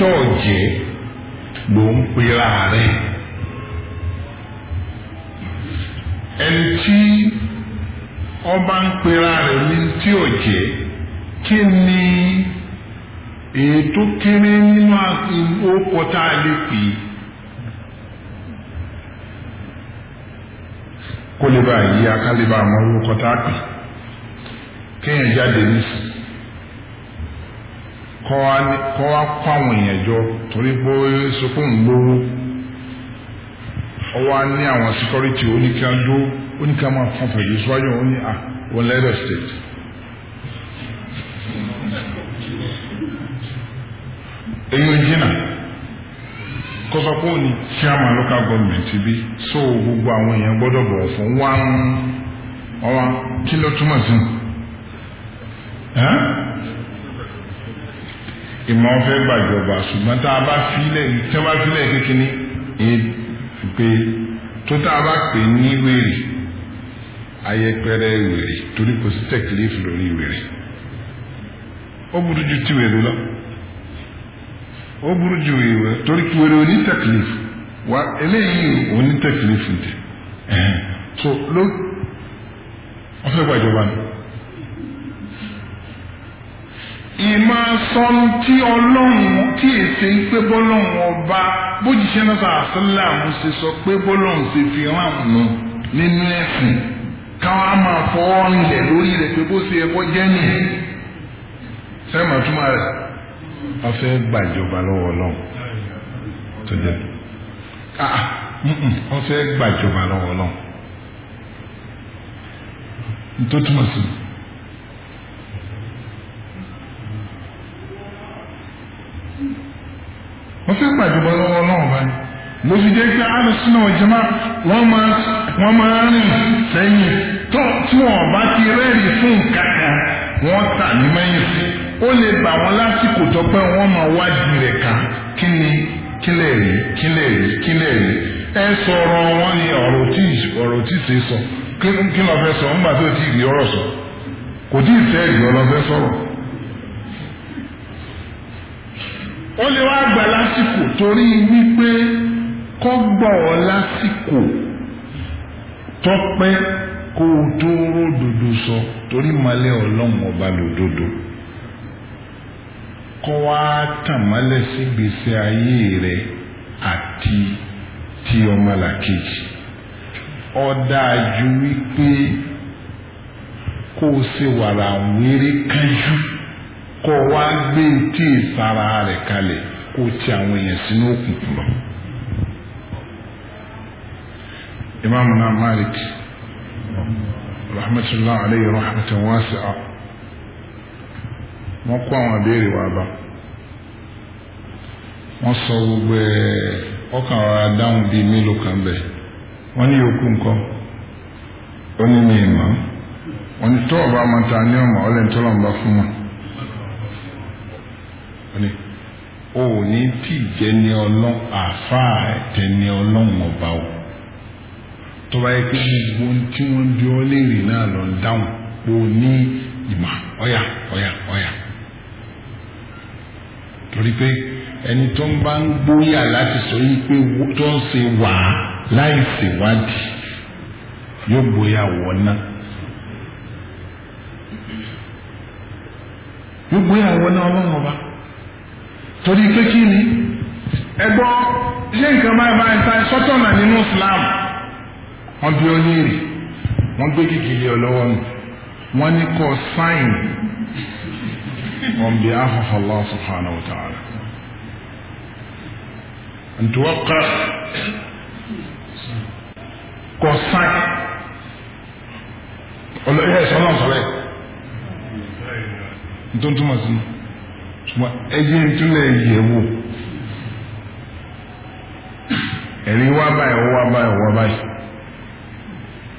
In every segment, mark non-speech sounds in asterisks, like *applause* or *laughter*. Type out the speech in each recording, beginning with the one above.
tó jẹ́ ló ń pera rẹ̀ ẹni tí ọba ń pera rẹ̀ ní tí ò jẹ́ kí ni èyí tó kéré nínú orúkọ tá a lè pè é kó lè bá yí akálẹ̀ bá àwọn orúkọ tá a pè kéèyàn jáde nísìnyí. kọ́ wá kó àwọn èèyàn jọ torí pé ó fún òun lówó ọwọ́ á ní àwọn security oníkanjó oníkanmọ́ fọ́nfẹ́ yìí òun ní à wọ́n ah, lẹ́dọ̀ state. èyí jìnnà local government bí so gbogbo àwọn èèyàn gbọ́dọ̀ bọ̀ fún wọn ìmọ̀ fẹ́ gbàjọba ṣùgbọ́n tá a bá filẹ̀ tí wọ́n bá filẹ̀ kékeré ní pé tó tá a bá pè ní wèrè ayẹpẹrẹ wèrè torí kò sí tẹ̀kílífù lórí wèrè ó burú ju ti wèrè lọ ó burú ju wèrè torí kí wèrè oní tẹ̀kílífù wa eléyìí oní tẹ̀kílífù tẹ̀ so ló wọ́n fẹ́ gbàjọba ni. ìmọ̀ sọ́n tí ọlọ́run tí èsè ń pé bọ́lọ́run ọba bójìṣẹ́ náà sàásìláàmù ṣe sọ pé bọ́lọ́run ṣe fi hàn nù nínú ẹ̀sìn káwọn á máa fọwọ́ rinlẹ̀ lórí rẹ̀ pé bó ṣe ẹ̀kọ́ jẹ́ nìyẹn sẹ́mà túmọ̀ rẹ̀ wọ́n fẹ́ gbàjọba lọ́wọ́ ọlọ́run tó jẹ́ wọ́n ah, ah, fẹ́ gbàjọba lọ́wọ́ ọlọ́run tó túmọ̀ sí i. wọ́n fẹ́ gbàjọba lọ́wọ́ ọlọ́run báyìí ló fi jẹ́ pé alùsùnà ọ̀jọ̀má wọ́n máa rìn sẹ́yìn tó tí wọ́n bá ti rẹ́rìí fún kàkà wọ́n tà ní mẹ́yìn sí ó lè bà wọ́n lásìkò tó pé wọ́n máa wádìí rẹ̀ ká kí ni kí lè rí kí lè rí kí lè rí ẹ sọ̀rọ̀ wọn ni ọ̀rọ̀ tí ọ̀rọ̀ tí ṣe sọ kí ló fẹ́ sọ ńgbà tó ti rí ọ̀rọ̀ sọ kò tí ì fẹ́ rí ọ̀rọ̀ fẹ́ sọ̀rọ̀. ó lè wá gbà lásìkò torí wípé kọ́ gbọ̀ ọ́ lásìkò tọ́pẹ́ kó o tó ródòdó sọ torí malẹ́ ọlọ́run ọba lòdòdó kọ́ wá tàmálẹ̀ sí gbèsè ayé rẹ àti ti ọmọlàkejì ó dájú wípé kó o ṣe wàrà wéré kánjú. kọ́ wá gbé tí ìsara rẹ̀ kalẹ̀ kó ti àwọn èèyàn sínú òkùnkùn lọ. imaamu naa malik rahmatulah aleyhi rahmatan wasi'a wọ́n kó àwọn abéèrè wá sọ gbogbo ẹ̀ ọkàn ọ̀rọ̀ adáhùn bíi mélòó kan bẹ́ẹ̀ wọ́n ní yòókù nǹkan ní ní o ò ní tí ì jẹ́ ní ọlọ́run àáfàá ọba o tó bá yẹ pé gbogbo tí wọ́n bí ọ léèrè náà lọ dáhùn o ní ìmọ̀ ọ̀yà ọ̀yà ọ̀yà torí pé ẹni tó ń bá ń gbóyà láti sọ yìí pé tó ń ṣe wà á láì ṣèwádìí yóò gbóyà wọ̀ náà. yóò gbóyà wọ̀ náà ọlọ́run ọba torí pé kí ni ẹgbọ́ ṣé nǹkan máa bá ẹ̀ta sọ́tọ̀nà nínú Islam wọ́n bí oníyèrè wọ́n gbé gègé lé ọ lọ́wọ́ nù wọ́n ní kọ́ sáìn on behalf of Allah subhanahu wa ta'ala ntọ́kọ́ kọ́ sáìn ọlọ́yẹ̀ sọ́nà sọ́rẹ́ ntontoma sinu. ṣùgbọ́n ẹjẹ́ ìtúlẹ̀ yẹ̀ wò ẹ̀rí wá báyìí wá báyìí wá báyìí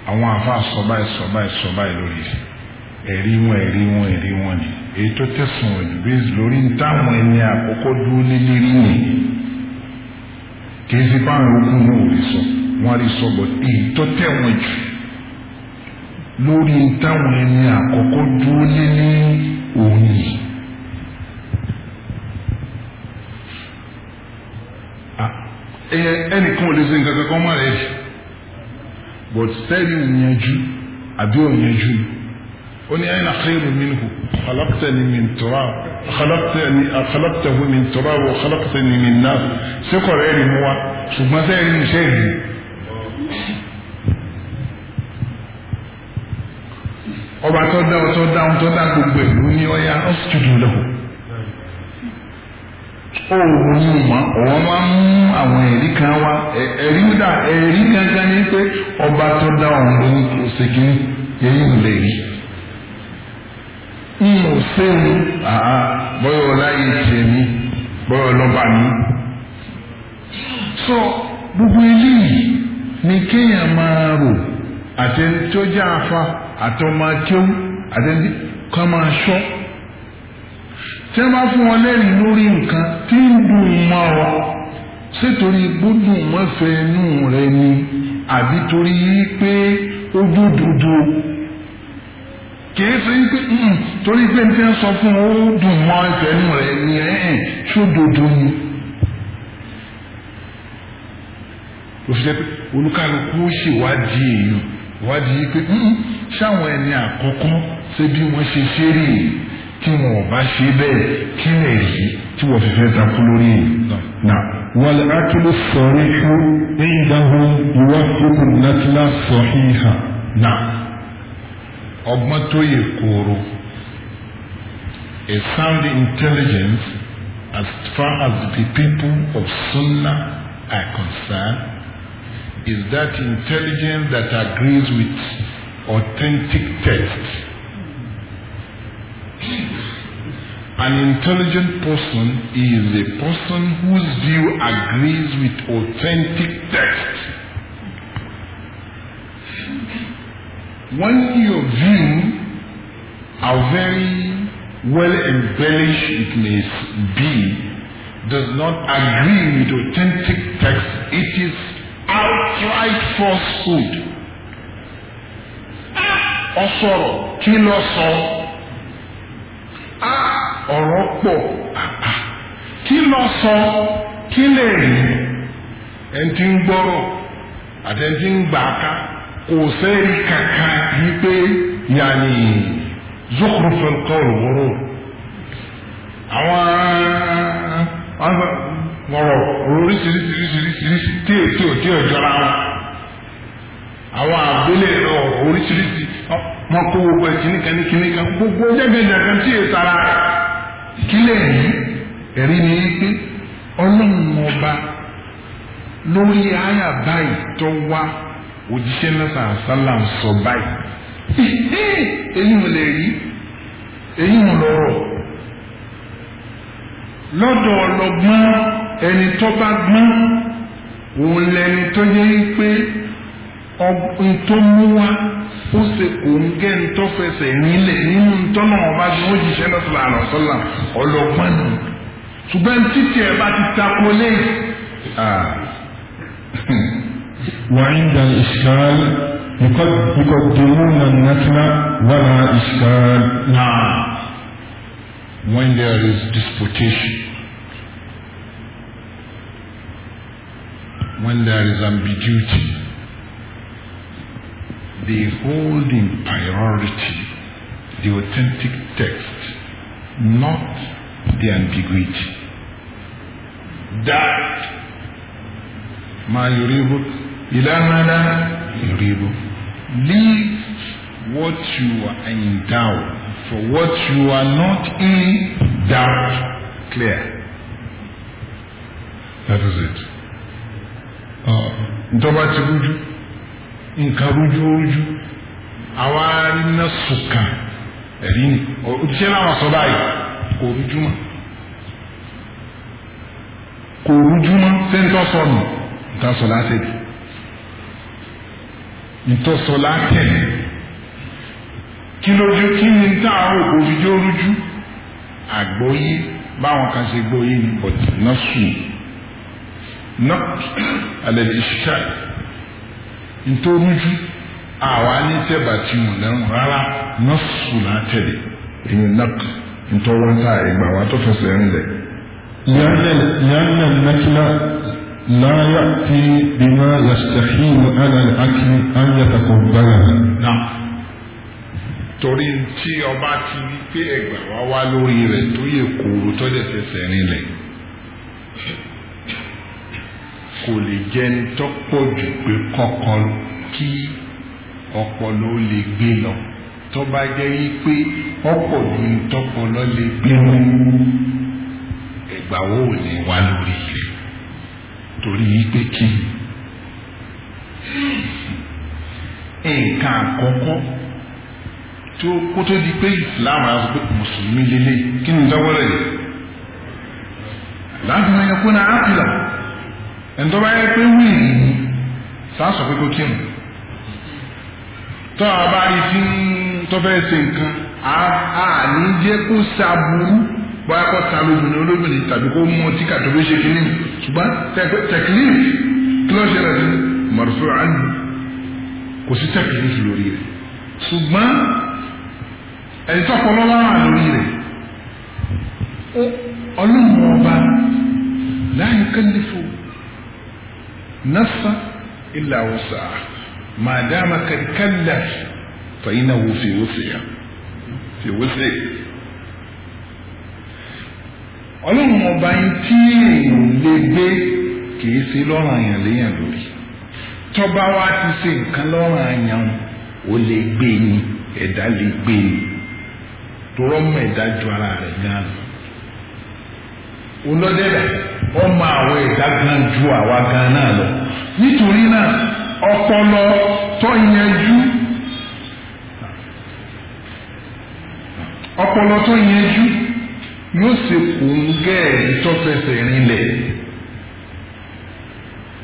àwọn sọ báyìí sọ báyìí sọ báyìí lórí ẹ̀rí wọn ẹ̀rí wọn ẹ̀rí wọn ni èyí tó tẹ̀sán lórí ni kì í ogun náà ò sọ wọn rí sọ bọ èyí tó jù Eh, ẹnìkan ò lè ṣe nǹkan kankan mọ́ rẹ̀ jù but sẹ́ni òyìnjú àbí òyìnjú ó ní ayé na xeyìrù minhu xalaqtani min turab xalaqtani xalaqtahu min turab wa xalaqtani min nar sekọrọ ẹni mu wa ṣùgbọ́n sẹ́ni mi sẹ́ni. ọba tó dá ọ tó dá ọ tó dá gbogbo ẹ̀ ló ní ọ yá ọ́ sì tún lọ́wọ́ òòrùn mọ̀ òun máa ń mú àwọn ẹ̀rí kan wá ẹ̀rí dà ẹ̀rí gangan ni pé ọba tó dá òun ló ń kó segin yẹ́yìn ò lè rí. n ò sẹ́yìn àá bọ́yọ̀ ọláyé tiẹ̀ mi bọ́yọ̀ ọlọ́ba mi. sọ gbogbo eléyìí ni kéèyàn máa rò àtẹnitójà afa àtọmọ akéwù àtẹnitójà kan máa ṣọ́ tí wọ́n bá fún wọn lẹ́rìí lórí nǹkan tí ń dùn mọ́ wa sétorí gbódùn mọ́fẹ́ inú rẹ ni àbí torí pé ojú dúdú kìí ṣe pé mm, torí pé ní sọ fún ó dùn mọ́ ẹsẹ̀ inú rẹ ni ẹ̀ẹ́n ṣódodo ni. òṣìṣẹ́ pé olúkálukú ṣèwádìí èèyàn wádìí pé mm, ṣáwọn ẹni àkọ́kọ́ ṣe bí wọ́n ṣe ṣe rí èyí tí wọn bá ṣe bẹ́ẹ̀ kí lè rí tí wọ́n fi fẹ́ takú lórí yìí. na wal aklu sarihu indahum yuwaffiqu natla sahiha. na ọgbọ́n tó yẹ kóró a sound intelligence as far as the people of Sunna are concerned is that intelligence that agrees with authentic texts. An intelligent person is a person whose view agrees with authentic text. When your view are very well embellished, it may be, does not agree with authentic text, it is outright falsehood. Ó ah, sọ̀rọ̀ kí ló sọ? ọ̀rọ̀ pọ̀ kí lọ sọ kí lè rí tí ń gbọ́rọ̀ àti tí ń gbà ká kò kàkà wípé yàní àwọn oríṣiríṣiríṣiríṣi tí wọn tí kílẹ̀ rí ẹ̀rí ni pé ọlọ́run ọba lórí àyà báyìí tó wá òjíṣẹ́ náà sàlá ń sọ báyìí èyí mo lè rí èyí mo lọ́rọ̀ lọ́dọ̀ ọlọ́gbọ́n ẹni tó bá gbọ́n òun lẹni tó yẹ pé ọ̀gbìn tó mú wá. ó ṣe kò ń gẹ́ ń tọ́fẹsẹ̀ nílẹ̀ nínú ntọ́nà ọba ni wọ́n jíṣẹ́ lọ́sọ̀lá àlọ́sọ́lá ọlọ́gbọ́n nù ṣùgbọ́n títí ẹ̀ bá ti takò lé. وعند الإشكال يقدمون النفل ولا إشكال نعم when there is disputation when there is ambiguity they hold in priority the authentic text, not the ambiguity. That ما يريبك إلى ما لا يريبك leaves what you are in doubt for what you are not in doubt clear. That is it. Uh, Ntọ́ba ti rújú nǹkan rújúrújú àwa iná sùkàn ẹ̀rí ni òtíṣẹ́ náà wà sọ báyìí kò rújúmọ́ kò rújúmọ́ sẹ́ńtọ́ sọnù ìtàsọ̀ látẹ̀lẹ̀ ìtọ́sọ̀ látẹ̀lẹ̀ kí lójú kí ni táàrọ̀ kò fi jó rújú báwọn kan ṣe gbọ́yé ni bọ̀tì náà sùn náà alẹ́ ìṣiṣẹ́ ntóonuju a w'ani tẹ bàtí mu lẹ́nu rárá nọ́ọ̀sù náà tẹ̀lé èyí nàkù ntọ́wọ́ntà ìgbà wa tó fẹsẹ̀ ń lẹ̀. yànnà nàkìlá láyà tí bímá yàtàkìlù àlàlẹ̀ àkì na torí tí ọba ti rí pé ẹgbà wa wá lórí rẹ̀ tó yẹ kóoru tó dẹ̀ fẹsẹ̀ kò lè jẹ́ ń tọ́pọ̀ jù pé kọ́kan kí ọpọlọ lè gbé lọ tó bá jẹ́ yí pé ọ̀pọ̀ ju gbé lọ ẹ̀gbà wo ní lórí torí pé kí nǹkan tó kó di pé Islam àwọn mùsùlùmí lélẹ̀ kí ni ìjọba rẹ̀ láti máa yẹ kó ẹ̀ńtọ́ bá yẹ pé wíìlì ni sàásọ̀ pé kó kírun tọ́ a bá rí tí tọ́ fẹ́ ṣe nǹkan a ní jẹ́ kó ṣàbùrú bóyá kó ta lóbìnrin olóbìnrin tàbí kó mú ọtí kàtó bí ṣe kínní ṣùgbọ́n tẹ̀klif kí ló ṣẹlẹ̀ sí mọ̀rùfẹ́ àánú kò sí tẹ̀klif lórí rẹ̀ ṣùgbọ́n ẹ̀yìn tó kọ́ lọ́wọ́ wà lórí rẹ̀ ọlọ́run ọba láyé kẹ́lẹ́fọ́ نصا إلا وسعه ما دام قد كلف فإنه في وسعه في وسعه ọlọ́run ọba yín tí èèyàn lè gbé kìí ṣe lọ́rùn àyàn léèyàn lórí tọ́ba wa ti ṣe nǹkan lọ́rùn àyàn ò lè gbé ni ẹ̀dá lè gbé ni torọ́mọ ẹ̀dá ju ara rẹ̀ gan-an olódébẹ̀ ó ma àwọn ẹ̀dá gan ju àwa gan náà lọ nítorí náà ọpọlọ tó yanjú ọpọlọ tó yanjú yóò sì kún gẹ́ẹ̀rí tó fẹsẹ̀ rinlẹ̀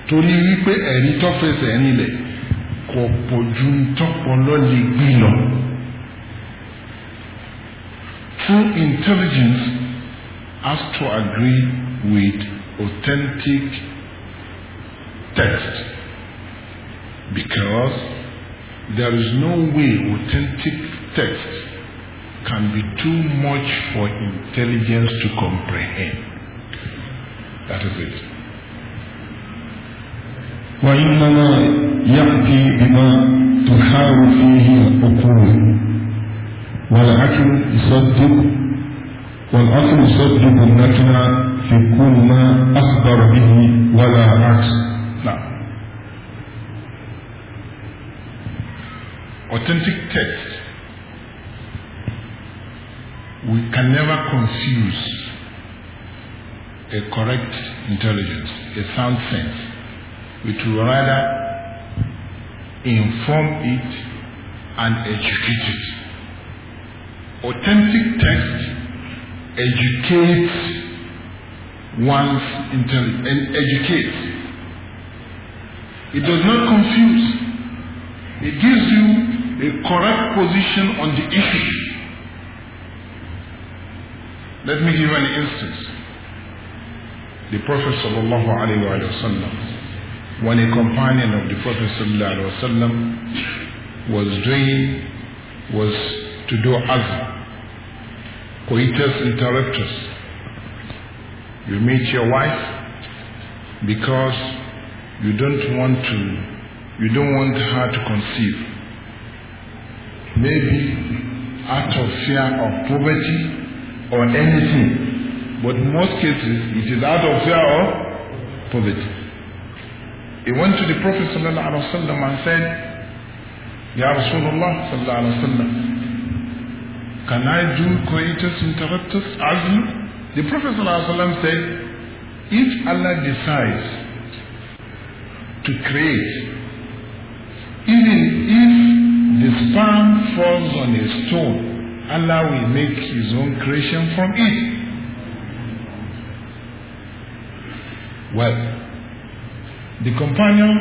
torí wípé ẹ̀rí tó fẹsẹ̀ rinlẹ̀ kò pọ̀ ju tọpọlọ lè gbin lọ intelligence has to agree with authentic text because there is no way authentic text can be too much for intelligence to comprehend. That is it. وإنما يأتي بما تحار فيه العقول والعقل يصدق والأصل صدق النكرة في كل ما أخبر به ولا عكس نعم authentic text we can never confuse a correct intelligence a sound sense which will rather inform it and educate it authentic text educate one's intelligence and educate. It does not confuse. It gives you a correct position on the issue. Let me give an instance. The Prophet sallallahu alaihi wasallam, when a companion of the Prophet sallallahu alaihi wasallam was doing was to do azm coitus interruptus. You meet your wife because you don't want to, you don't want her to conceive. Maybe out of fear of poverty or anything, but in most cases it is out of fear of poverty. He went to the Prophet ﷺ and said, Ya Rasulullah sallallahu alaihi wasallam, Can I do coitus interruptus azm? The Prophet ﷺ said, if Allah decides to create, even if the sperm falls on a stone, Allah will make his own creation from it. Well, the companion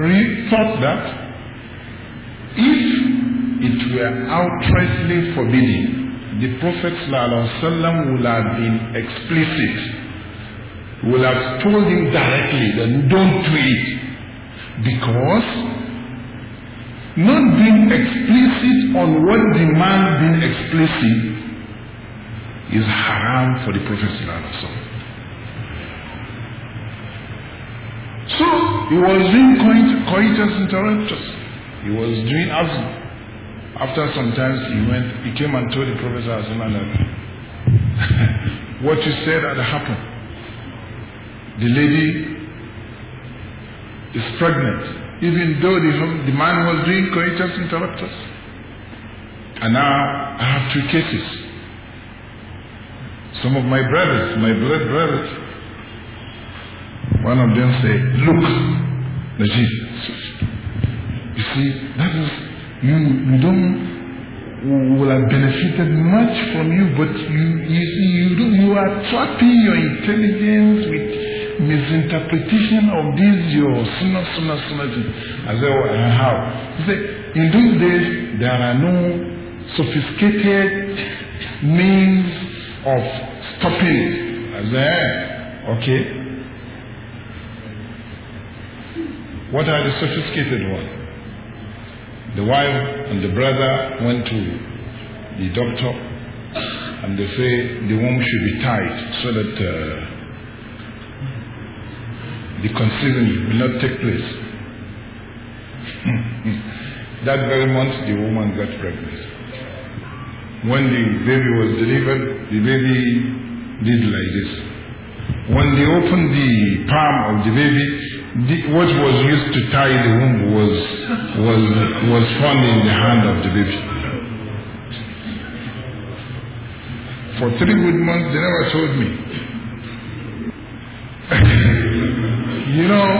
re- thought that if it were outrightly forbidden, the Prophet ﷺ would have been explicit, would have told him directly that don't do it. Because not being explicit on what demands being explicit is haram for the Prophet ﷺ. So he was doing coitus interruptus. He was doing as. After some times, he went, he came and told the Prophet that *laughs* what you said had happened. The lady is pregnant, even though the, the man was doing coitus interruptus. And now I have two cases. Some of my brothers, my blood brothers, one of them said, look, Najib, you see, that is you don't will have benefited much from you, but you you see you do, you are trapping your intelligence with misinterpretation of this your sinner sinner sinner thing. I said, well, uh, how? He say in those days there are no sophisticated means of stopping. I said, eh, okay. What are the sophisticated ones? The wife and the brother went to the doctor and they say the womb should be tied so that uh, the conceiving will not take place. *laughs* that very month the woman got pregnant. When the baby was delivered, the baby did like this. When they opened the palm of the baby, the, what was used to tie the womb was was, was found in the hand of the baby. For three good months, they never told me. *laughs* you know,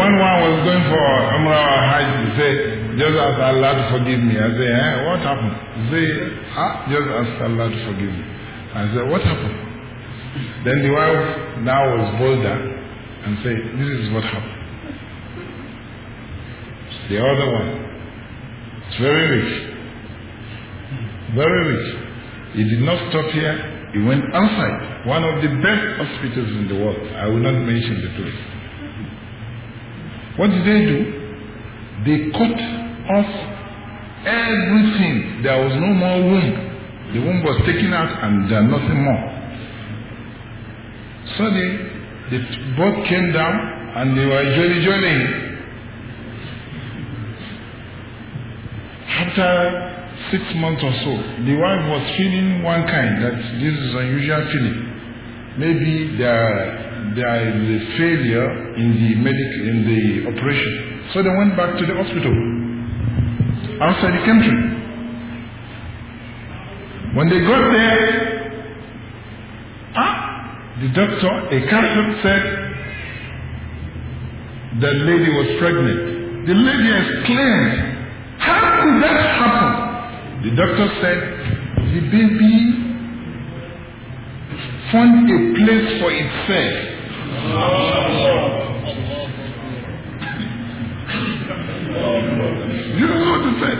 when one was going for Umrah Hajj, he said, just ask Allah to forgive me. I said, eh, what happened? He said, ah, just ask Allah to forgive me. I said, what happened? Then the wife now was bolder and said, this is what happened. The other one. It's very rich. Very rich. He did not stop here. He went outside. One of the best hospitals in the world. I will not mention the place. What did they do? They cut off everything. There was no more womb. The womb was taken out and there nothing more. Suddenly, so the boat came down and they were jolly jollying. after six months or so, the wife was feeling one kind that this is unusual feeling. Maybe there, there is a failure in the medic in the operation. So they went back to the hospital outside the country. When they got there, ah, the doctor, a captain said the lady was pregnant. The lady exclaimed, did that happen? The doctor said the baby found a place for itself. you know what to say?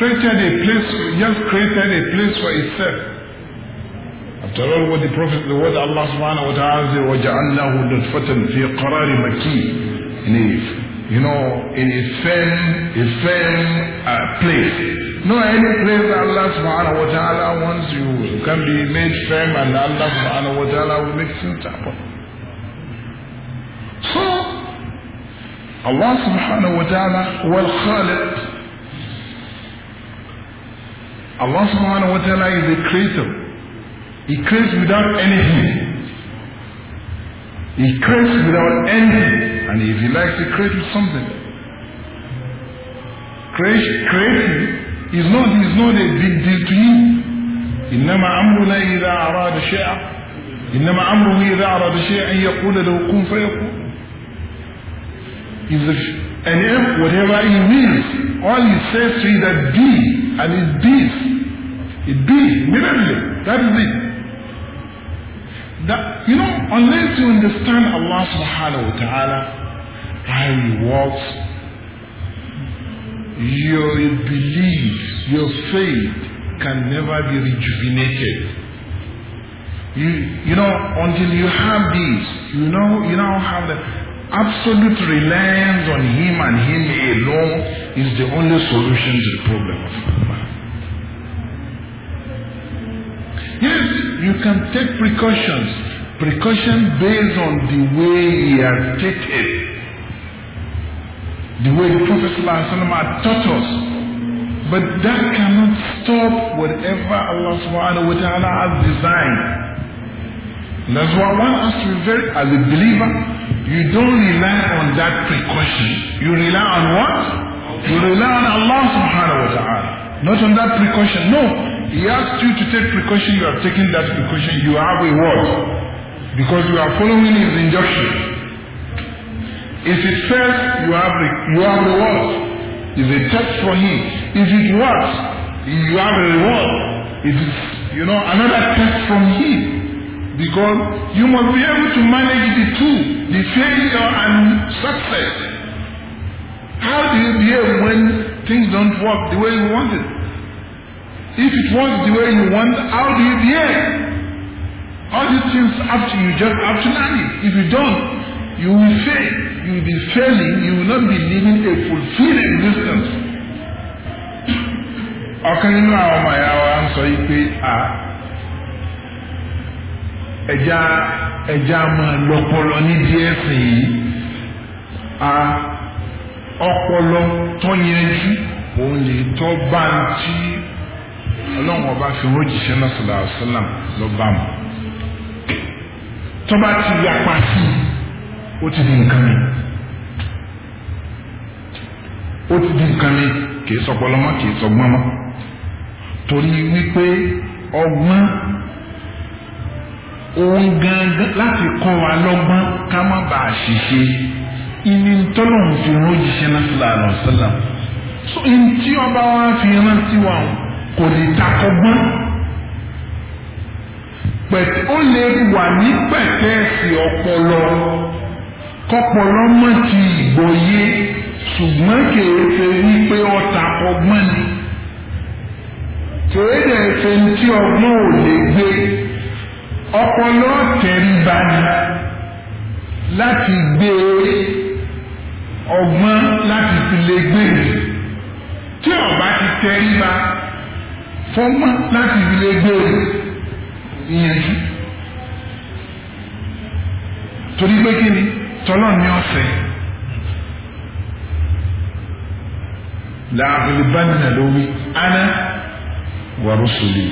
Created a place, just created a place for itself. After all, what the Prophet, the word Allah subhanahu wa ta'ala said, وَجَعَلْنَاهُ نُطْفَةً فِي قَرَارِ مَكِينٍ you know, in a firm, a firm uh, place. No, any place Allah subhanahu wa ta'ala wants you, you can be made firm and Allah subhanahu wa ta'ala will make things happen. So, Allah subhanahu wa ta'ala wal khaliq. Allah subhanahu wa ta'ala is a creator. He creates without anything. He creates without anything. And if he likes to create with something. Create, creating is not, is not a big deal to you. إنما أمرنا إذا أراد شيئا إنما أمره إذا أراد شيئا أن يقول له كن فيكون. Is the and if whatever he means, all he says to you that be, and it be, it be immediately. That is it. That you know, unless you understand Allah subhanahu wa ta'ala I was walk, your belief, your faith can never be rejuvenated. You, you know, until you have this, you know, you now have the absolute reliance on Him and Him alone is the only solution to the problem of man. Yes, you can take precautions, precaution based on the way He has taken the way the Prophet ﷺ had taught us. But that cannot stop whatever Allah subhanahu wa ta'ala has designed. And that's why one has to be very, as a believer, you don't rely on that precaution. You rely on what? You rely on Allah subhanahu wa ta'ala. Not on that precaution. No. He asked you to take precaution. You are taking that precaution. You have a word. Because you are following his injunction. If it fails, you have the, you have the reward. If it test for him, if it works, you have a reward. It is you know another test from him because you must be able to manage the two, the failure and success. How do you behave when things don't work the way you want it? If it works the way you want, how do you behave? All these things up to you, just have to learn it. If you don't, you will fail you will be failing, you will not be living a fulfilled existence. ọ̀kan nínú àwọn ọmọ ìyá wa ń sọ yìí pé a ẹja ẹja máa lọ́pọlọ ní díẹ̀ sí a ọpọlọ tó yanjú òun lè tọ́ bá ń tí ọlọ́run ọba fi hàn jíṣẹ́ náà sọ̀rọ̀ àṣàlám lọ́ba mọ́ tọ́ba ti yapa sí i ó ti di nǹkan mi ó ti di nǹkan mi kì í sọpọlọ mọ́ kì í sọgbọ́n mọ́ torí wípé ọgbọ́n òun gangan láti kọ́ wa lọ́gbọ́n ká má bàa ṣìṣe ìní tọ́lọ́hún fi rán òjíṣẹ́ náà sílẹ̀ àlọ́ sílẹ̀ so ntí ọba wa fi rán sí wa kò lè takọ́gbọ́n pẹ̀tẹ́ ó lè wà ní pẹ̀tẹ́ẹ̀sì ọpọlọ kọ́pọ̀lọ́ mọ́ ti ìgbòye ṣùgbọ́n kèé ṣe wípé ọ̀tà ọgbọ́n ni kèé dẹ̀ ṣe tí ọgbọ́n ò lè gbé ọpọlọ tẹríba ni láti gbé ọgbọ́n láti fi lè gbé tí ọba ti tẹríba fọgbọ́n láti fi lè gbé ìyẹn torí pé kí ni tọ́lọ́ ní ọ̀sẹ̀ làbẹ̀lẹ̀bánilà ló wí ana wàrúsùlẹ̀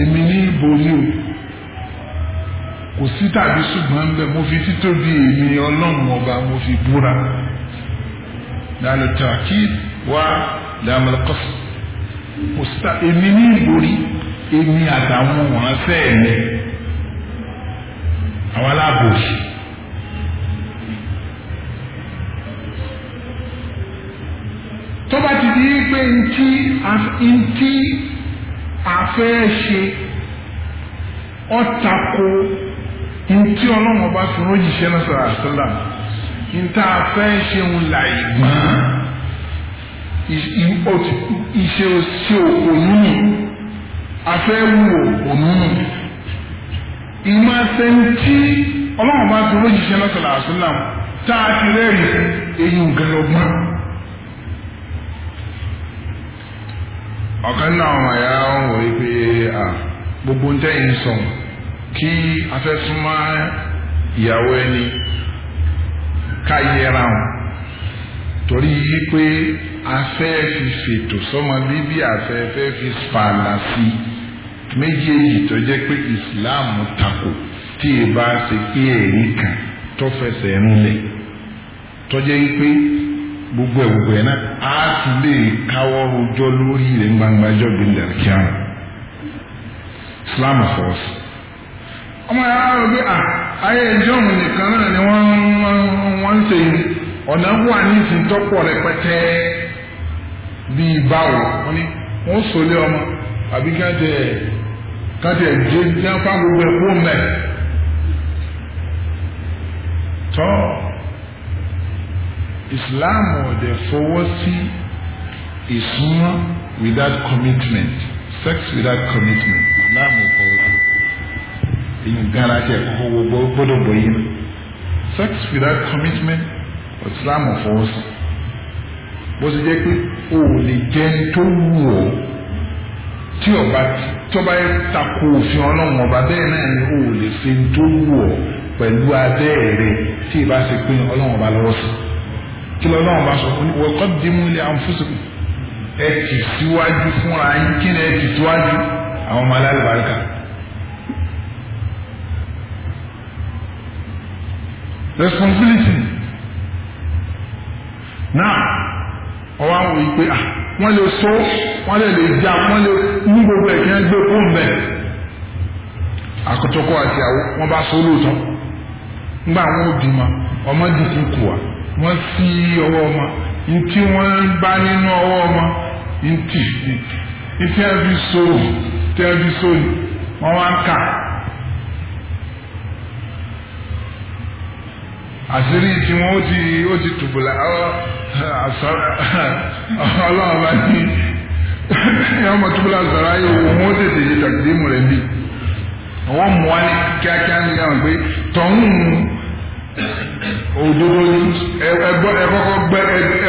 èmi ní borí o kò sí tàbí ṣùgbọ́n bẹ́ẹ̀ mo fi títóbi èmi ọlọ́run ọba mo fi búra lálẹ́ tàkìd wá làmàlẹ́kọ́sì kò sí tàbí èmi ní ìborí èmi àtàwọn wọ̀n fẹ́ẹ̀ mi àwọn aláàbò yìí. tó bá ti di pé ntí ntí àfẹ́ ṣe ọ̀tako ntí ọlọ́run ọba fi rọ́jìṣẹ́ náà sọ̀rọ̀ àṣọlá ntí àfẹ́ ṣe ń la ìgbọ́n ìṣe sí òkò nínú àfẹ́ wù òkò nínú ìmọ̀ ẹsẹ̀ ntí ọlọ́run ọba fi rọ́jìṣẹ́ náà sọ̀rọ̀ àṣọlá tá a ti rẹ́rìn eyín gẹ̀rọ̀gbọ́n. ọ̀kan náà ọmọ ya ń wò yí pé gbogbo ń tẹ́yìn sọ̀n kí afẹ́súnmọ́ ìyàwó ẹni ká yẹra wọn torí yí pé afẹ́ fi fètò sọ́mọ bíbí afẹ́ fàlà sí méjèèjì tó jẹ́ pé Islam takò tí ì bá ṣe pé èyí kan tó fẹsẹ̀ rinlẹ̀ tó jẹ́ pé gbogbo ẹ̀ gbogbo ẹ̀ náà á ti lè káwọ́ ọjọ́ lórí rẹ̀ gbangba ẹjọ́ gbẹ̀ndẹ̀ kíára Islam fọ́s. ọmọ yàrá rẹ̀ bí ayé ẹjọ́ òun nìkan náà ni wọ́n ń ṣe ọ̀nà wà ní ìsìntọ́pọ̀ rẹpẹtẹ bíi báwo wọ́n ní wọ́n sọlé ọmọ àbí káńtẹ̀ gbogbo ẹ̀kọ́ Islam ọ̀dẹ̀ fọwọ́ sí ìsúnmọ́ without commitment sex without commitment Islam ò fọwọ́ sí ìyẹn gara jẹ́ kókó gbọ́dọ̀ bọ̀ yín sex without commitment Islam ò fọwọ́ sí bó ṣe jẹ́ pé o ò lè jẹ́ tó wù ọ́ tí ọba tí ọba yẹn tako òfin ọlọ́run ọba bẹ́ẹ̀ náà ni o ò lè ṣe tó wù ọ́ pẹ̀lú abẹ́ẹ̀rẹ̀ tí ìbá ṣe pé ọlọ́run ọba lọ́wọ́ sí i kí lọ́nà ọba sọ fún wa qaddimu li anfusikum ẹ tì síwájú fúnra yín kí ni ẹ tì síwájú àwọn ọmọ alálùbáríkà. responsibility náà ọwọ́ àwọn ìpè à ah, wọ́n lè so wọ́n lè lè já wọ́n lè mú gbogbo ẹ̀ kí wọ́n gbé fóun bẹ́ẹ̀ àkọ́tọ́kọ́ àti àwọn wọ́n bá so lóòótọ́ ńgbà àwọn òbí ma ọmọ dìkú kù wá wọ́n sí ọwọ́ ọmọ ntí wọ́n bá nínú ọwọ́ ọmọ ntì ntí ẹbí so ntí ẹbí so ni wọ́n wá ń kà. àṣírí tí wọ́n ó ti ó ti tùbùlà ọlọ́run bá ní yàrá mọ̀ tùbùlà sọ̀rọ̀ ayé owó wọ́n tètè yé tàbí mọ̀lẹ́bí àwọn mọ̀ wá ní kíákíá ní yàrá pé tọ̀hún. òdodo ẹgbọ́ ẹkọ́kọ́ gbẹ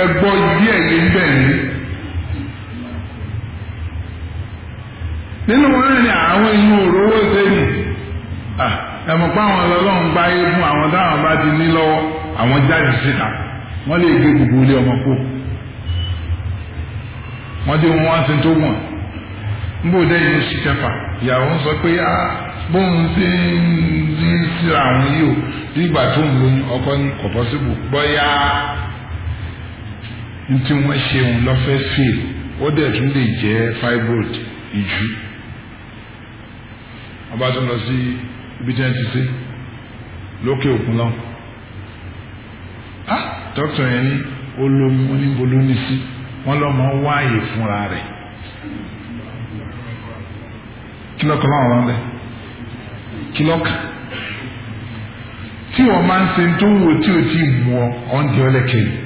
ẹgbọ́ díẹ̀ yìí ń bẹ̀ nínú wọn ni àwọn inú òróró àwọn ọlọ́run gba àwọn táwọn bá ti ní lọ́wọ́ àwọn jáde síta wọ́n lè gbogbo ilé ọmọ wọ́n dé wọn wá sí tó wọ̀n ìyàwó ń sọ pé a ah, bóun ṣe ń síra àwọn yìí o nígbà tó ń lóyún ọkọ ní kò pọ́sibù bọ́yá ntí wọ́n ṣe òun lọ́fẹ́ fèèrè ó dẹ̀ tún lè jẹ́ fibroid ìjú ọba tó lọ sí ibi tí wọ́n ti ṣe lókè òkun náà ah dókítà yẹn ní olómi oníbo ló ní sí wọ́n lọ́mọ wáàyè fúnra rẹ̀ kí lọ́kàn láwọn wá ń bẹ̀ kí lọ́kàn tí wọ́n máa ń ṣe tó wò tí o ti mú ọ ọ̀n di ọ lẹ́kẹ̀ yìí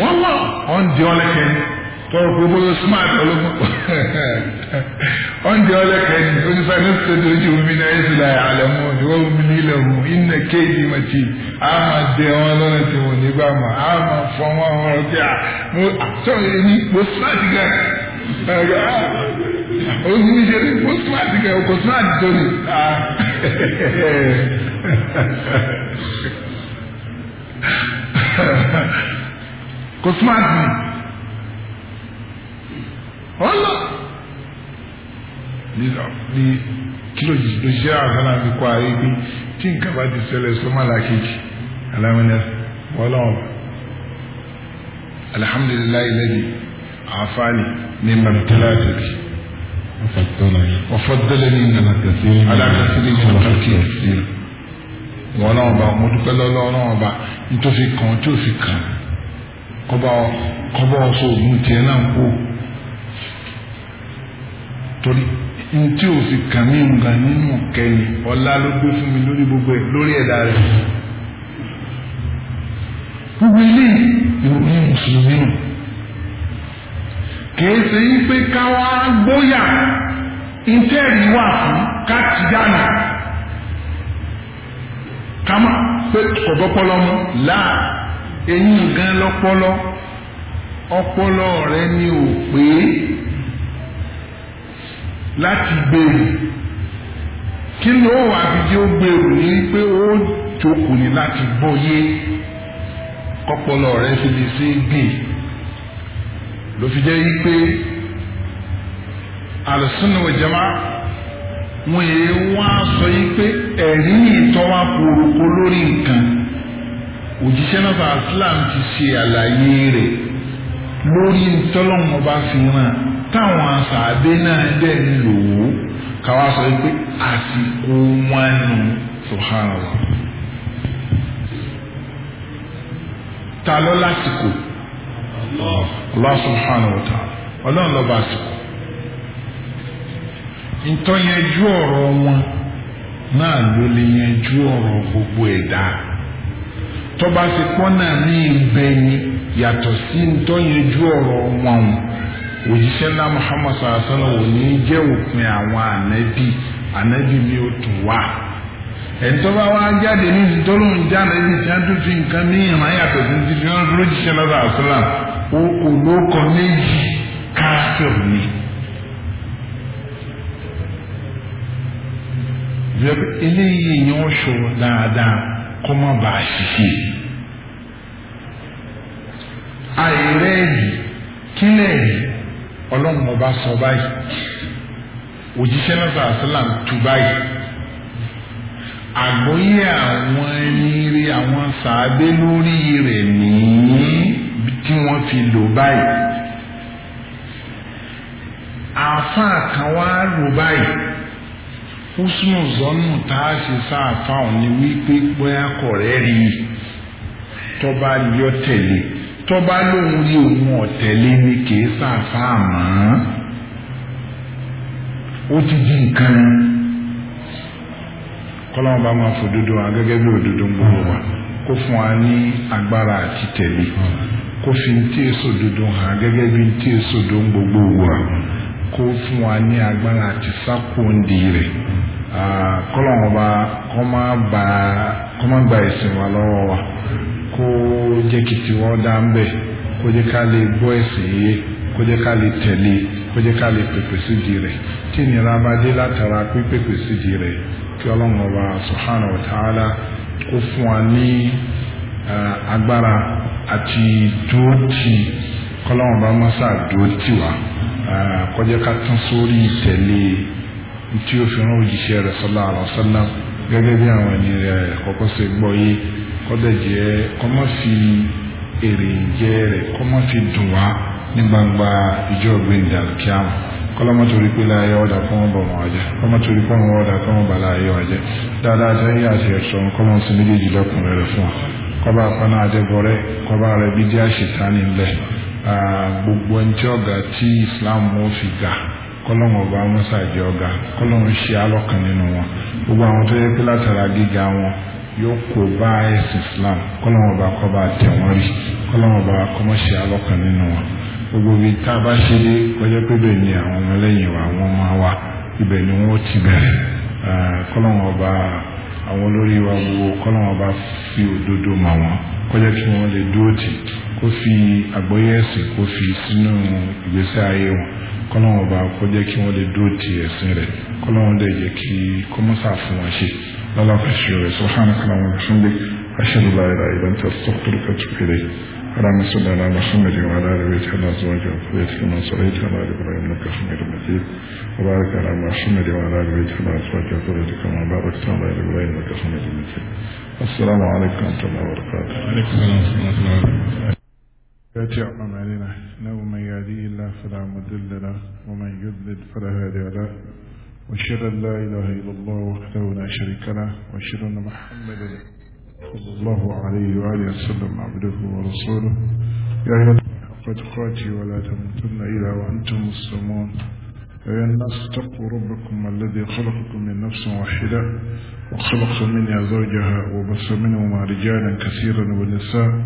wọ́n lọ ọ̀n di ọ lẹ́kẹ̀ yìí tọ́wọ́ pé bóyá smart ọlọ́mọ ọ̀n di ọ lẹ́kẹ̀ yìí o ní sọ ní sọ́dọ̀ ojú omi náà ẹ̀sìn láyà àlẹ́mú ìwọ́n omi nílẹ̀ wù iná kéèjì mà ti a máa dẹ wọn lọ́nà tí wọ́n nígbà mà a máa fọ́ wọn wọn rẹ̀ ah, mo ah, sọ èyí mo *laughs* ogun yẹrẹ kó smart kẹ kó smart tó ni. kó smart ni. ọlọ ni kí ló ṣe àgbàlá mi kọ ayé pé tí nǹkan bá ti ṣẹlẹ̀ sọ́mọ́lá kejì alámúnẹ́ wọ́lọ́wọ́ alhamdulilayi lẹ́yìn àfáàní ní mọ̀tàlá tẹ̀lé. وفضلني وفضلني على كثير على كثير من خلقه كثير wọn náà bá mo dúpẹ́ lọ́lọ́wọ́ náà bá nítòsí kan tí ò fi kàn kọ́bá kọ́bá ọ̀sọ̀ ògùn tiẹ̀ náà kú torí ntí ò fi kàn mí nga nínú kẹyìn ọlá ló gbé fún mi lórí gbogbo ẹ lórí ẹ̀dá rẹ̀ gbogbo ilé ìròyìn mùsùlùmí nù kìí ṣe yí pé káwá gbóyà ìtẹ́rì wà fún káàtì dànù kama pé kọ̀bọ́pọ́lọ mu láà eyín gan lọ́pọ́lọ́ ọpọlọ rẹ ni ò pé láti gbèrú kí ló wà bí ó gbèrú ni pé ó jókòó ni láti gbọ́ yé kọ́pọlọ rẹ fi lè ṣe é gbèrú ló fi jẹ́ pé àlùsùnù ìjọba wọn yìí wọ́n á sọ yìí pé ẹ̀rí ìtọ́wá poroko lórí nǹkan òjíṣẹ́ náà fà islam ti ṣe àlàyé rẹ̀ lórí ntọ́lọ́mọ bá fi hàn táwọn àṣàbẹ́ náà dẹ̀ ń lò ó káwá sọ pé àsìkò wọn nù subhanallah ta lọ lásìkò. Allah subhanahu wa ta'ala ọlọ́run lọ́ba àsìkò na ọ̀rọ̀ wọn náà ló lè yanjú ọ̀rọ̀ gbogbo ẹ̀dá tọ́ba ti náà ní ìbẹ́ yàtọ̀ sí ntọ́yẹjú ọ̀rọ̀ wọn òjíṣẹ́ náà Muhammad sàlásánà wò ní jẹ́ òpin àwọn ànábì ànábì wa jáde ní jáde ní nǹkan ní sí ti fi hàn lójíṣẹ́ náà sàlásánà. wọn kò lóko méjì káfíìrì ni. eléyìí èèyàn ó ṣòro dáadáa kó má bàa ṣìṣe. àìrẹ́ẹ̀lì kílẹ̀ẹ̀lì ọlọ́run ọba sọ báyìí òjíṣẹ́ náà sàásìlà ń tu báyìí àgbọ́yé àwọn ẹni rí àwọn sàábé lórí rẹ̀ nìyí tí wọ́n fi lò báyìí àáfàá kan wá lò báyìí húsùnù zọ́nù tá a ṣe sáàfàá ò ní wípé bóyá kọ̀rẹ́ rí i tọ́ba yọ tẹ̀lé tọ́ba lòun rí òun ọ̀tẹ̀lé ni kì í sáàfàá mọ́ ó ti di nǹkan kọ́lọ́mọba máa fòdodo wa gẹ́gẹ́ bí òdodo ń gbọ́ wa. kó fún wa ní agbára àti tẹ̀lé kó fi tí èso dodo hàn gẹ́gẹ́ bí tí èso dodo ń gbogbo wa kó fún wa ní agbára àti sákòóndì rẹ̀ kọ́lọ́wọ́n bá kọ́ gba ẹ̀sìn wa lọ́wọ́ wa kó jẹ́ kí tiwọ́ dá ń bẹ̀ kó jẹ́ ká lè gbọ́ ẹ̀sìn yé kó jẹ́ ká lè tẹ̀lé kó jẹ́ ká lè pèpè kò fún wa ní agbára àti dúró tì kọ́lọ́wọ́n bá mọ́sá dúró tì wá kọjá ká tán sórí ìtẹ̀lé tí ó fi rán rẹ̀ sọ́lá àlọ́sọ́lá gẹ́gẹ́ bí àwọn ẹni rẹ̀ kọ́kọ́ ṣe gbọ́ yé kọ́dẹ̀ jẹ́ kọlọ́mọ torí pé láyé ọ̀dà fún ọ̀bọ̀ wọn ajẹ́ kọlọ́mọ torí pé wọn ọ̀dà fún ọ̀bà láyé ọ̀jẹ́ dáadáa tẹ́ yí àti ẹ̀sọ́ kọlọ́mọ sí méjèèjì lọ́kùnrin rẹ̀ fún ọ kọba àpáná àjẹbọrẹ kọba rẹ bí díẹ̀ àṣetánì ńlẹ̀ gbogbo ẹni tí ọ̀gá tí Islam wọn fi ga kọlọ́mọ ọba musa jẹ́ ọ̀gá kọlọ́mọ ṣe alọ́kan nínú wọn gbogbo àwọn tó yẹ pé látara gíga wọn yóò kó bá ẹ̀sìn Islam kọlọ́mọ ọba kọba àtẹ̀wọ́n rí kọlọ́mọ ọba kọmọ́ṣe alọ́kan nínú wọn gbogbo ibi tá a bá ṣe dé kọjá pé bẹ́ẹ̀ ni àwọn ọmọlẹ́yìn wa àwọn ọmọ wa ibẹ̀ ni wọ́n ti bẹ̀rẹ̀ kọ́lọ́wọ́n ọba àwọn olórí wa wo kọ́lọ́wọ́n ọba fi òdodo mà wọ́n kọjá kí wọ́n lè dúró tì kó fi àgbọ́yé ẹ̀sìn kó fi sínú ìgbésẹ̀ ayé wọn kọ́lọ́wọ́n ọba kó kí wọ́n lè dúró ti ẹ̀sìn rẹ̀ kọ́lọ́wọ́n dẹ̀ jẹ́ kí kọ́mọ́sà fún wọn ṣe lọ́lá rẹ̀ sọ́hánà اللهم صل على محمد وعلى ال بيته الازواج وذريته كما صليت على ال ابراهيم انك حميد مجيد وبارك على محمد وعلى ال بيته الازواج وذريته كما باركت على ال ابراهيم انك حميد مجيد السلام عليكم ورحمه الله وبركاته وعليكم السلام ورحمه الله وبركاته فاتح علينا انه من يهديه الله فلا مضل له ومن يضلل فلا هادي له واشهد ان لا اله الا الله وحده لا شريك له واشهد ان محمدا رسول الله صلى الله عليه وآله وسلم عبده ورسوله يا أيها قد قاتي ولا تموتن إلا وأنتم مسلمون أيها الناس اتقوا ربكم الذي خلقكم من نفس واحدة وخلق منها زوجها وبث منهما رجالا كثيرا ونساء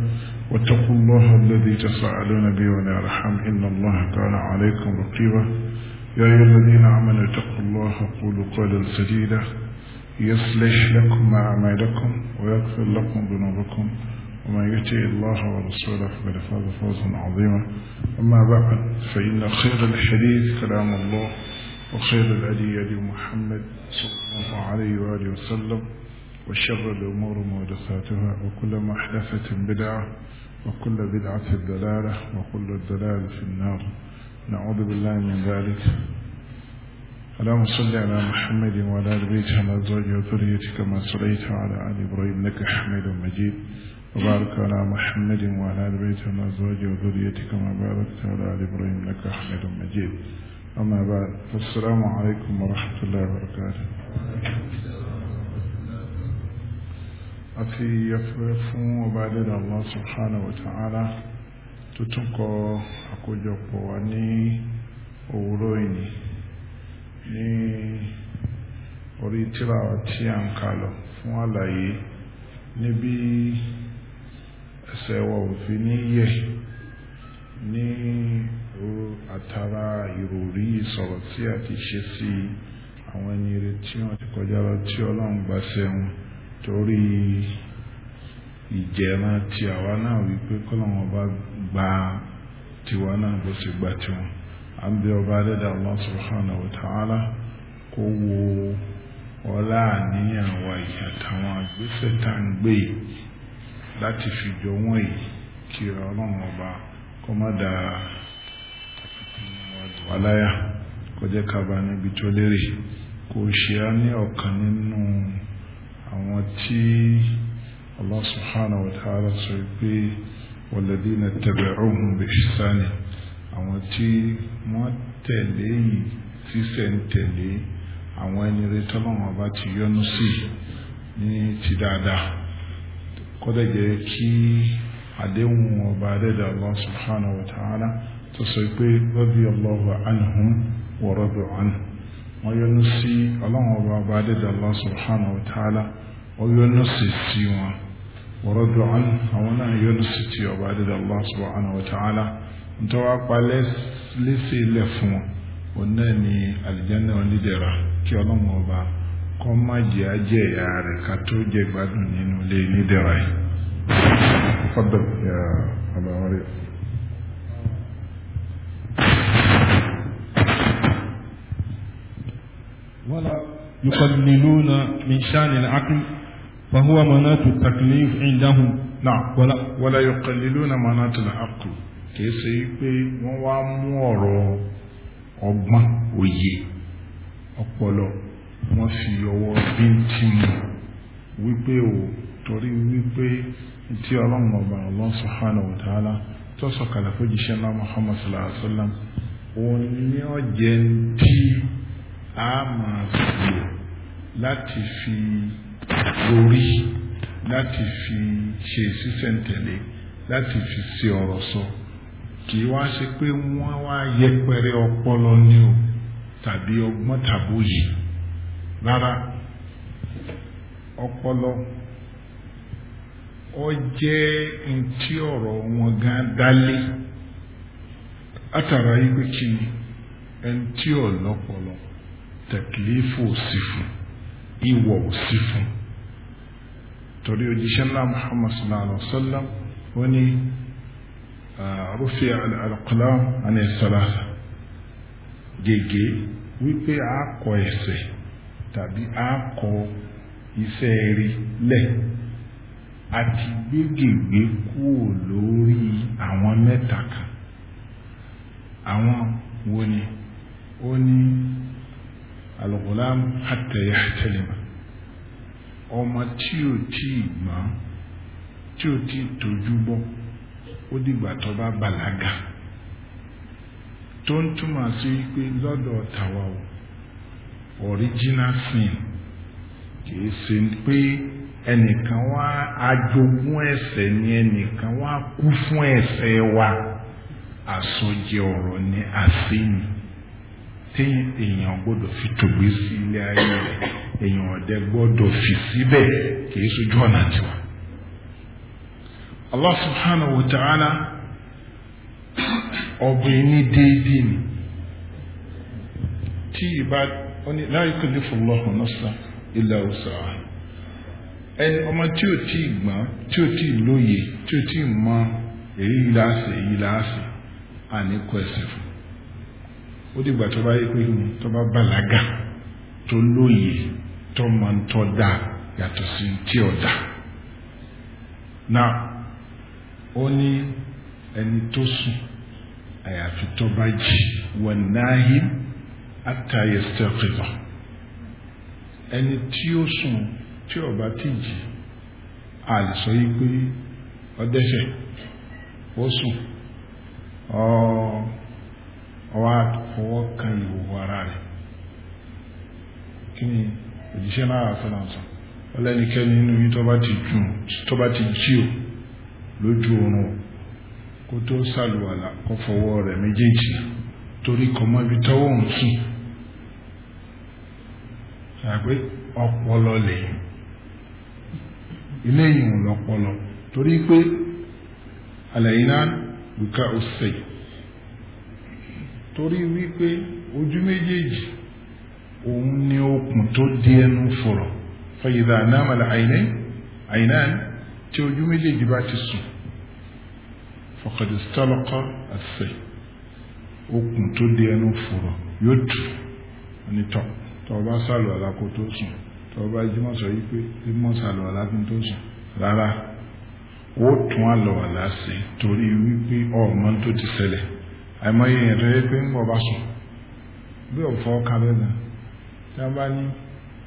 واتقوا الله الذي تساءلون به والأرحام إن الله كان عليكم رقيبا يا أيها الذين آمنوا اتقوا الله قولوا قولا سديدا يصلح لكم أعمالكم ويغفر لكم ذنوبكم ومن يطع الله ورسوله فقد فاز فوزا عظيما أما بعد فإن خير الحديث كلام الله وخير الهدي هدي محمد صلى الله عليه وآله وسلم وشر الأمور محدثاتها وكل محدثة بدعة وكل بدعة ضلالة وكل الضلال في النار نعوذ بالله من ذلك اللهم صل على محمد وعلى ال بيته وعلى ازواجه وذريته كما صليت على ال ابراهيم انك حميد مجيد وبارك على محمد وعلى ال بيته وعلى ازواجه وذريته كما باركت على ال ابراهيم انك حميد مجيد اما بعد فالسلام عليكم ورحمه الله وبركاته àti ẹfẹ́ وبعد الله سبحانه وتعالى subhanahu wa ta'ala أولويني ní orí tíra tí a ń kà lọ fún àlàyé níbi ẹsẹ̀ wa ò fi ní yẹ ní àtàrà ìròrí ìsọ̀rọ̀ tí a ti ṣe sí àwọn ẹni rẹ̀ tí wọ́n ti kọjá lọ tí ọlọ́run gbà sẹ́wọ̀n torí ìjẹran ti àwa náà wípé kọ́lọ́wọ́n bá gba tiwa náà bó ṣe gba tiwọn àbí ọba adẹ́dà Allah subhanahu wa ta'ala kó wo ọlá àníyàn wa yìí àtàwọn àgbésẹ̀ tá à ń gbé yìí láti fi jọ wọ́n yìí kí ọlọ́run ọba kó má da wàláyà kó jẹ́ ká níbi tó lérè kó ṣe á ní ọ̀kan nínú àwọn tí Allah subhanahu wa ta'ala sọ pé walladhina taba'uhum bi ihsani àwọn tí wọ́n tẹ̀lé yìí sísẹ̀ ń tẹ̀lé àwọn ẹni rẹ tọ́lọ́wọ́n bá ti yọ́nú sí ní ti dáadáa kọ́dọ̀ jẹ́ kí àdéhùn ọba adẹ́dà Allah subhanahu wa ta'ala tó sọ pé radiyallahu anhum wa radu anhu wọ́n yọ́nú sí ọlọ́wọ́n ọba ọba adẹ́dà Allah subhanahu wa wọ́n yọ́nú sí sí wọn wa radu anhu àwọn náà yọ́nú sí ti ọba adẹ́dà Allah subhanahu wa nítorí wàá pa léṣe ilẹ̀ fún wọn òun náà ni àlìjáná onídẹ̀ra kí ọlọ́run ọba kọ́ má jẹ́ ajẹ́ ìyá rẹ̀ ká tó jẹ́ gbádùn nínú ilé onídẹ̀ra yìí. ولا يقللون من شأن العقل فهو مناط التكليف عندهم نعم ولا ولا يقللون مناط العقل kìí ṣe pé wọ́n wá mú ọ̀rọ̀ ọgbọ́n òye ọpọlọ wọ́n fi ọwọ́ bíntì mu wípé o torí wípé tí ọlọ́run ọba Allah subhanahu wa ta'ala tó sọ̀kalẹ̀ fún jíṣẹ́ ńlá Muhammad sallallahu alaihi wa sallam òun ni ó jẹ́ tí a máa lò láti fi lórí láti fi ṣe sísẹ̀ntẹ̀lé láti fi ṣe ọ̀rọ̀ sọ. So. kì í wá ṣe pé wọ́n wá yẹpẹrẹ ọpọlọ ni o tàbí ọgbọ́n tàbóyè rárá ọpọlọ ọ jẹ́ ntí ọ̀rọ̀ wọn gan dálé látara kí ntí ọ̀lọ́pọlọ ìwọ̀ torí ńlá Euh, rúfin al-aqlam àni ìsàlàsà gègé wípé a kọ ẹsẹ̀ tàbí a kọ iṣẹ́ rí lẹ̀ àti gbégègbé kúrò lórí àwọn mẹ́ta kan àwọn wo ni ó ní al-ghulam hatta ọmọ tí ò tí ì tí ò tí tójú bọ́. ó dìgbà tó bá bàlágà tó ń túmọ̀ sí pé lọ́dọ̀ tàwa o original sin kìí ṣe pé ẹnìkan wá ajogún ẹsẹ̀ ni ẹnìkan wá kú fún ẹsẹ̀ wa àsọjẹ ọ̀rọ̀ ni àṣeyìn téyìn èèyàn gbọ́dọ̀ fi tògbé sí ilé ayé rẹ̀ èèyàn ọ̀dẹ gbọ́dọ̀ fi síbẹ̀ kì í ṣojú ọ̀nà tiwa. Allah subhanahu wa ta'ala ọ̀bùn ní déédéé ni tí ìbá oní la yukallifu Allahu nafsan illa wus'aha ẹni ọmọ tí ò tí ì gbọ́n tí ò tí ì lóye tí ò tí ì mọ èyí láàṣẹ èyí láàṣẹ àníkọ ẹsẹ fún ó dìgbà tó bá yẹ pé mu tó bá bàlágà tó lóye tó mọ ń tọ́ da yàtọ̀ sí tí ò náà ó ní ẹni tó sùn àyàfi tó bá jí wọn náàhí àtàyè sẹ́kìlọ ẹni tí ó sùn tí ó bá ti jí a lè sọ yí pé ọdẹ́sẹ̀ ó sùn ọ wá fọwọ́ kan ìhòòhò ara rẹ̀ kí ni òjíṣẹ́ náà àfẹ́ràn sọ nínú yín tó bá ti jí o. lójú oorun kó tó sàlùwàlà kó fọwọ́ rẹ̀ méjèèjì torí kọ́mọ́bí tọ́wọ́ ń sùn àgbẹ̀ ọpọlọ lẹ́yìn ilé ìwọ̀n lọ́pọlọ torí pé àlàyé náà wíkà torí wípé ojú méjèèjì ni okùn tó di ẹnu tí ojú méjèèjì bá ti sùn fọkàdé sítọ́lọ́kọ́ àṣẹ okùn tó dé ẹnu fòrò yóò tù onítọ̀ tó o bá sàlù àlákò tó sùn tó o bá jí mọ́ sọ yí pé jí mọ́ sàlù àlákò tó sùn rárá ó tún àlọ́ àlá ṣe torí wípé ọmọ tó ti ṣẹlẹ̀ àìmọye yẹn tó yẹ pé ń bọ̀ bá sùn bí ọ̀fọ́ kábẹ́ náà tí wọ́n bá ní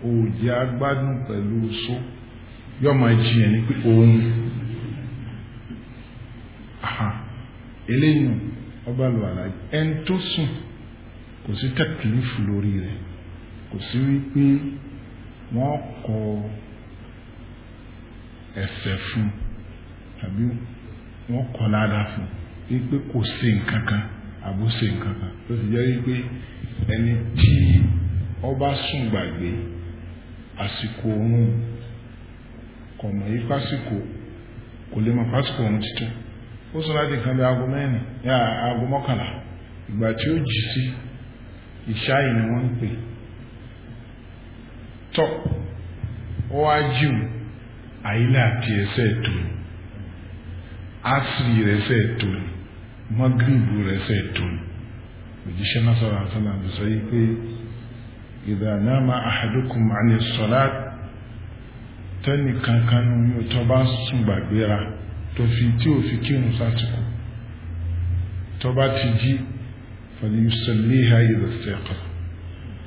òòjì agbádùn pẹ̀lú sóò. yóò máa jiyàn ní pé òun ọba lu àlàyé ẹni tó sùn kò sí tẹkìlífù lórí rẹ̀ kò sí wípé wọ́n kọ ẹ̀ṣẹ̀ fún tàbí nkaka kọ nkaka fún wípé kò ṣe nǹkan kan àbó tó fi kọ̀mọ̀ yìí fásitì kò lè mọ̀ fásitì òun títún ó sọ láti kan bí aago mẹ́rin yá aago mọ́kànlá ìgbà tí ó jì sí ìṣáì ni wọ́n ń pè tọ́ ó wá jíù àyílẹ̀ àti ẹsẹ̀ tó ní asiri rẹ̀ sẹ̀ tó ní magribu rẹ̀ sẹ̀ tó ní òjíṣẹ́ náà sọ̀rọ̀ àtàlà àbùsọ̀ yìí pé ìdáná máa ahadukum àní sọ̀láàtì tẹ́nì kankan nu yóò tó bá sùn gbàgbéra tó fi tí ò fi kírun sásìkò tó bá ti jí falyusalliha idha istayqaza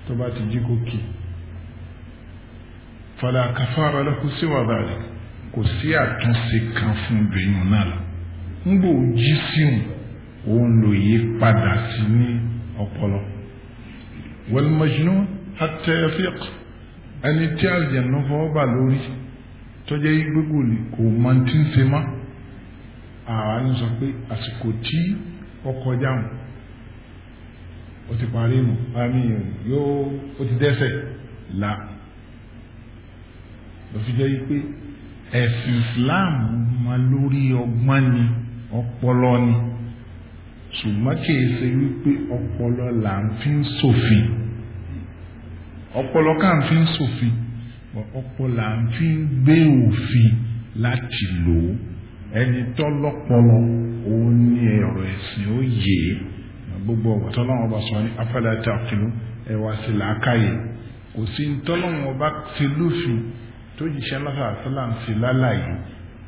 tó bá ti jí kó kí fala kafara lahu siwa dhalik kò sí àtúnṣe kan fún bẹ́yìn náà la ń gbò jí síhùn òun lò yí padà sí ní ọpọlọ wal majnun hatta ẹni tí àjẹnú fọwọ́ bà lórí tọ́jẹ́ yí gbégbò ní kò mọ tí ń ṣe mọ́ àwa ń sọ pé àsìkò tí ọkọ̀ jáwọn ó ti parí nù àmì yóò ó ti dẹ́sẹ̀ la lọ́fi jẹ́ yí pé ẹ̀sìn Islam ma lórí ọgbọ́n ni ọpọlọ ni ṣùgbọ́n kì í ṣe wípé ọpọlọ là ń fi ń ṣòfin ọpọlọ ká ń fi ń ṣòfin ọ̀pọ̀ là ń fi gbé òfin láti lò ó ẹni tọ́lọ́pọlọ òun ni ọ̀rọ̀ ẹ̀sìn ó yé gbogbo ọ̀gbà tọ́lọ́wọ́n bá sọ ní afẹ́lẹ́ àti àkìlú ẹ̀wà sí làákàyè kò sí ní tọ́lọ́wọ́n bá ti lófin tó yíṣẹ́ lọ́sàásílà ń fi lálàyé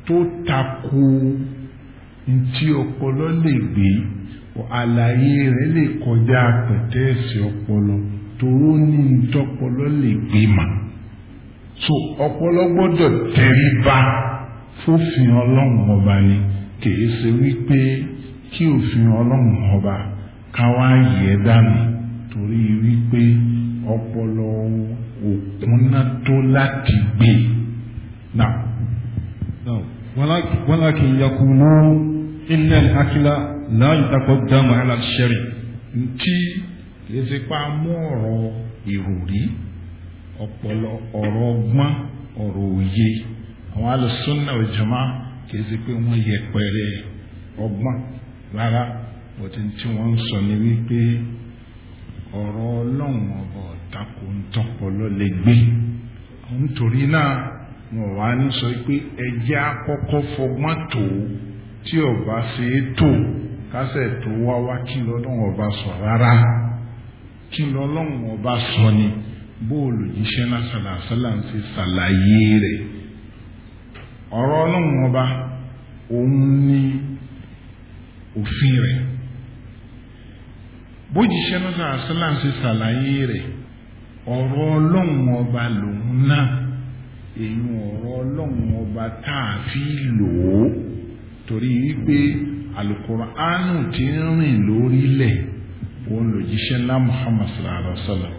tó tako ntí ọpọlọ lè gbé àlàyé rẹ̀ lè kọjá pẹ̀tẹ́ẹ̀sì ọpọlọ toró ní ntọ́pọlọ lè gbé màá. so ọpọlọ gbọ́dọ̀ tẹríba fófin ọlọ́run ọba ni kìí ṣe wípé kí òfin ọlọ́run ọba káwá yẹ dànù torí wípé ọpọlọ tó láti gbé ntí pa mú ìròrí ọpọlọ ọ̀rọ̀ ọgbọ́n ọ̀rọ̀ òye àwọn alùsùnà òjàmá kìí ṣe pé wọ́n yẹpẹrẹ ọgbọ́n rárá bọ̀tí tí wọ́n ń sọ ni wípé ọ̀rọ̀ ọlọ́run ọba ọ̀tako ń tọpọlọ lè gbé nítorí náà wọn wá ń sọ pé ẹjẹ́ àkọ́kọ́ fọgbọ́n tó tí ọba ṣe é tó kásẹ̀ tó wá wá kí lọ́lọ́run ọba sọ rárá kí lọ́lọ́run ọba sọ ni. So bóòlù jíṣẹ́ náà sàlàsàlà ń ṣe ṣàlàyé rẹ̀ ọ̀rọ̀ ọlọ́run ọba òun ní òfin rẹ̀ bójíṣẹ́ náà sàlàsàlà ń ṣe ṣàlàyé rẹ̀ ọ̀rọ̀ ọlọ́run ọba lòun náà èyí ọ̀rọ̀ ọlọ́run ọba tá a fi lò ó torí wípé alukóránù ti ń rìn lórílẹ̀ òun lòjíṣẹ́ ńlá Muhammad sallallahu alaihi wa sallam.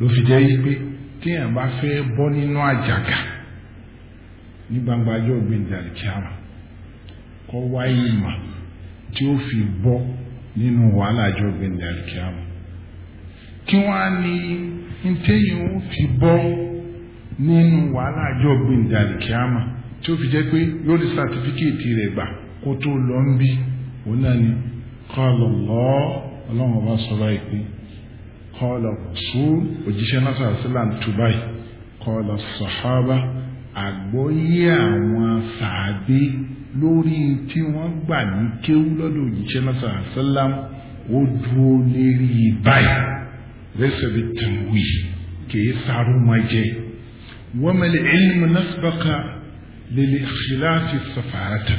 ló fi jẹ́ pé téèyàn bá fẹ́ bọ́ nínú àjàgà ní gbangba ajọ́ ògbéǹdàlì kíámà kọ́ wáyé ìmọ̀ tí ó fi bọ́ nínú wàhálà ajọ́ ògbéǹdàlì kíámà kí wọ́n á ní téèyàn ó fi bọ́ nínú wàhálà ajọ́ ògbéǹdàlì kíámà tí ó fi jẹ́ pé yóò rí sátífíkèétì rẹ̀ gbà kó tó lọ ń bí òun náà ni qala Allah ọlọ́run ọba sọ báyìí pé. kọ́ọ̀lọ̀ sùn òjíṣẹ́ náà sàlá tó báyìí kọ́ọ̀lọ̀ sọ̀hábà àgbọ́yé àwọn sàábé lórí tí wọ́n gbà ní kéwú lọ́dọ̀ òjíṣẹ́ náà sàlá ó dúró lérí báyìí rẹ́sẹ̀bí tẹ̀wé kìí sàrúmọ́jẹ́ wọ́n mẹ́lẹ̀ ilmu nasbaka lèlè xìláàfi sàfàràtà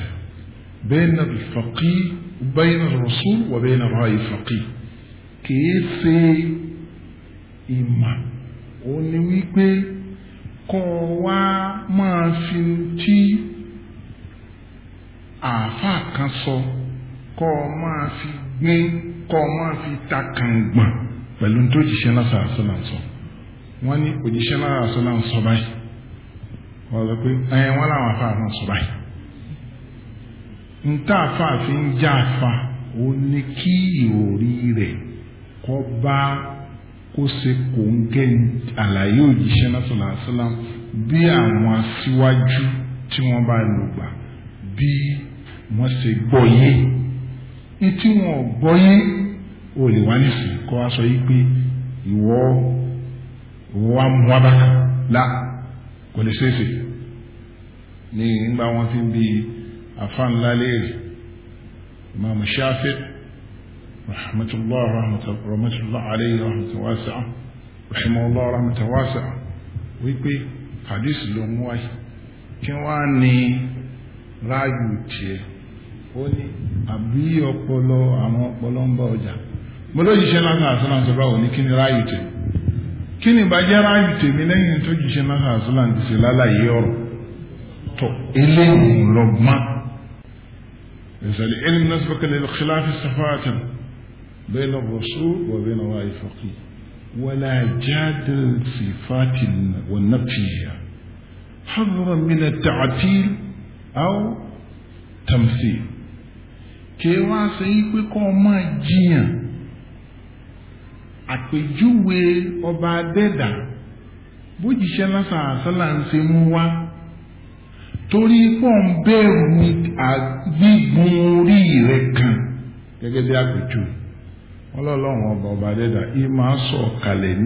bẹ́ẹ̀ na fàqí bẹ́ẹ̀ na rọ̀ṣù wà bẹ́ẹ̀ na rọ̀ àyè kìí ṣe. ìmà òun ni wípé kọ́ wá máa fi tí àáfàá kan sọ kọ́ máa fi gbín kọ́ máa fi ta kàngbọ̀n pẹ̀lú tó jíṣẹ́ náà sàásọ́ náà wọ́n ní náà pé ẹ̀yìn wọn làwọn kó ṣe kò ń gẹ́ àlàyé òjíṣẹ́ náà sọ̀rọ̀ àṣàlám bí àwọn aṣíwájú tí wọ́n bá lò gbà bí wọ́n ṣe gbọ́ yé ní tí wọ́n gbọ́ o lè wá nísìnyí kó wá sọ yìí pé ìwọ ìwọ wa mú abaka la kò lè ṣeéṣe ní ìgbà wọn fi ń bi àfa ńlá léèrè Imam Shafi'i. رحمة الله رحمة رحمة الله عليه رحمة واسعة رحمه الله رحمة واسعة wípé hadith ló mú wáyé kí wọ́n á ní ráàyù tiẹ̀ ó ní àbí ọpọlọ àwọn ọpọlọ ń bá ọjà mo ló yíṣẹ́ náà àṣàlà ń sọ báwo ní kí ni ráàyù tẹ̀ kí ni ìbàjẹ́ ráàyù tèmi lẹ́yìn tó yíṣẹ́ náà àṣàlà ń ṣe lálàyé ọ̀rọ̀ tó eléyìí lọ́gbọ́n. ìṣẹ̀lẹ̀ ẹni náà sọ pé kí ni ìlú kìláàfin sọ́fà àtẹ̀mọ́. بين الرسول وبين رأي الفقيه ولا جادل صفات والنفي حذرا من التعتيل أو تمثيل kí wá ṣe yí pé kọ́ ọmọ jiyàn àpèjúwe ọba adẹ́dà bójìṣẹ́ lásán àṣálà ń ṣe mú wá torí pọ̀ ń bẹ̀rù gbígun orí rẹ̀ kan gẹ́gẹ́ bí àpèjúwe ọlọ́lọ́run ọba ọba dẹ́dà yìí máa kalẹ̀ ní